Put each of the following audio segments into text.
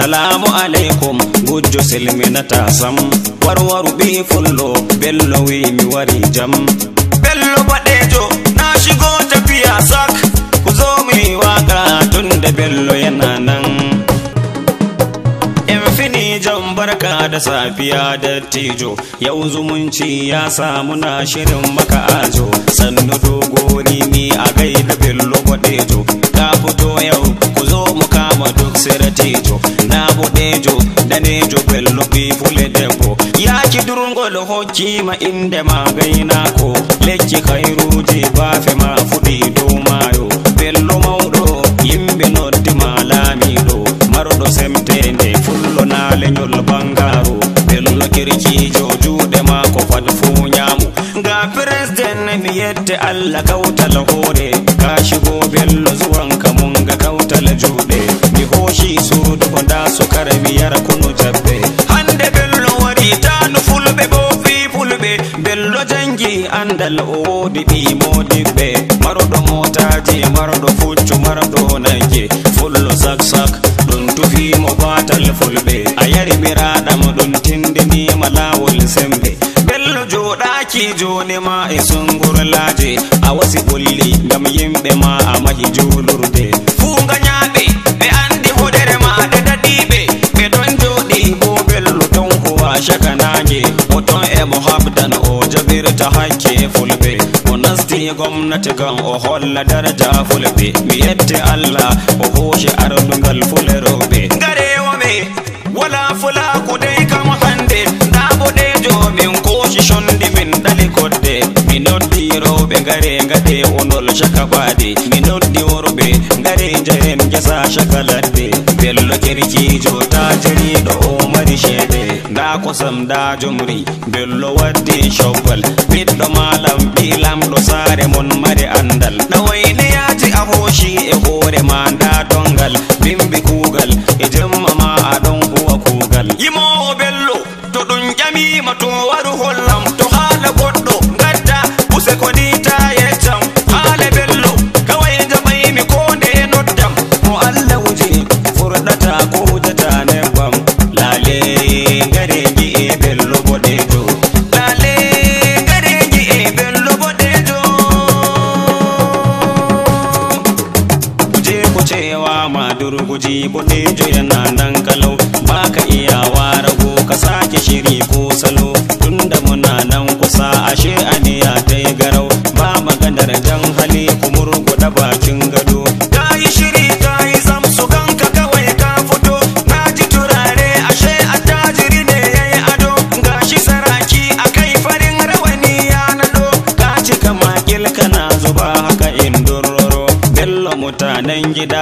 salamu alaikum gujjo silminata sam warwaru bi fullo bello mi wari jam bello badejo na shigo tafiya sak kuzo zo muyi waka tunda bello yana nan infini jam barka da safiya dattijo yau zumunci ya samu na shirin maka ajo sannu dogo ni a gaida bello badejo ka fito yau ku zo mu kama duk siratijo boɗejo danejo bello fifule debbo yaki durgol hoccima indema gaynako lecci hayruji bafe ma fuɗi dow mayo bello mawɗo yimɓe noddima laamiɗo marɗo semtende fullo nalenyol bangaru bello kircijo juuɗema ko fat fu nyamu nga présiden mi yette allah kawtal hoore kashigo bello zuwanka munga kawtal juuɗe noshi surudu gonda sokara mi yara kono jabbe hande bello wari tanu fulɓe bo fi fulɓe bello jangi andal o wodi ɓi modiɓɓe maroɗo motaji maroɗo fuccu maroɗo nagge fullo sak sak ɗum tufimo batal fulɓe a yari miraɗam ɗum tindinima lawol sembe bello joɗaki jonima e sungurlaje a wasi ɓolli gam yimɓe ma a mahi julurde shaka nange hoton e mo habdan o jabirta hakke fulbe o nasti gwamnati kan o holla daraja fulbe mi yette allah o hoshe ardugal fuleroɓe garewa me wala fula kudai kam hande na boɗejo min koshi shondi min ɗali kodde mi noddi rowɓe gare gade onol shaka ɓaade mi noddi worɓe gare jaren gesa shaka ladde bello kirkijo tajiriɗo o mari shede kosam da jomri bello wadde cobbal ɓiɗɗo malam ɓilamɗo saare mon mari andal ɗawayneyati a hooshi e hoore ma nda dongal bimbi kuugal e jemma shiri buɗejo yana nan kalau baka iya rago ka sake shiri ko salo tunda muna nan kusa ashe aniya ta garau ba maganar jan hali kumurguɗa ba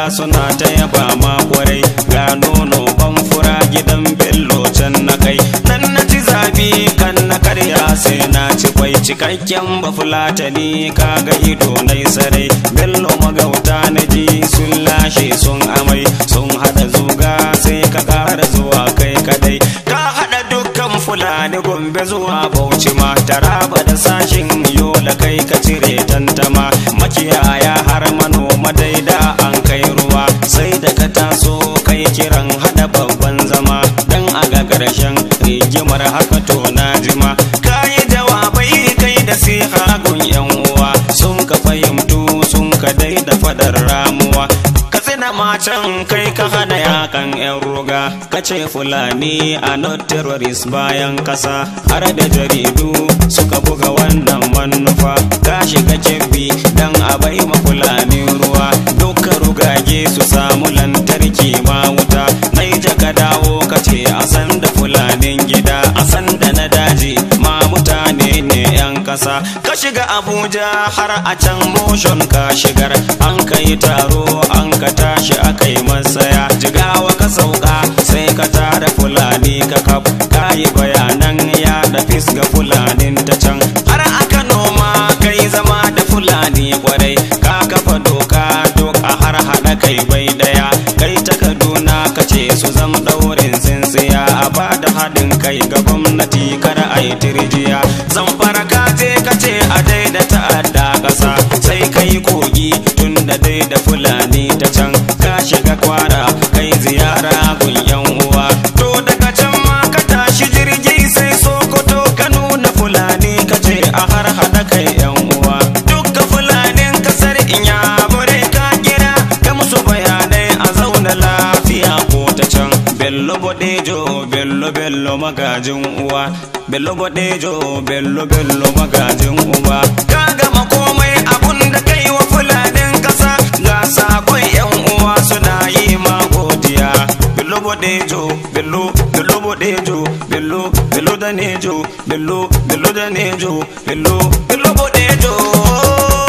gida suna ta yaba ma kwarai ga nono ban fura gidan bello can na kai nan na ci zabi kan na karya sai na ci kwai cikakken bafulata ni kaga ido nai sarai bello magauta na ji sun lashe sun amai sun hada zuga sai ka kara zuwa kai kadai ka hada dukkan fulani gombe zuwa bauchi ma taraba da sashin yola kai ka cire tantama makiyaya hikimar haka to na jima kayi jawabai kai da siha hagun yan uwa sun ka fahimtu sun ka da fadar ramuwa ka tsina macen kai ka hana yakan yan ruga ka ce fulani a not terrorist bayan kasa har da jaridu suka buga wannan manufa ka shiga kirbi dan a bai ma fulani ruwa dukkan rugage su samu lantarki ma wuta mai ka dawo ka ce a san da fulanin gida kasa ka shiga abuja har a can motion ka shigar an ka yi taro an ka tashi aka yi masaya jigawa ka sauka sai ka tara fulani ka kaf ka yi bayanan ya da ga fulanin ta can magajin uwa bello bodejo bello bello magajin uwa ka gama komai abun da kai wa fulanin kasa ga sakon yan uwa suna yi ma godiya bello bodejo bello bello bodejo bello bello danejo bello bello danejo bello bello bodejo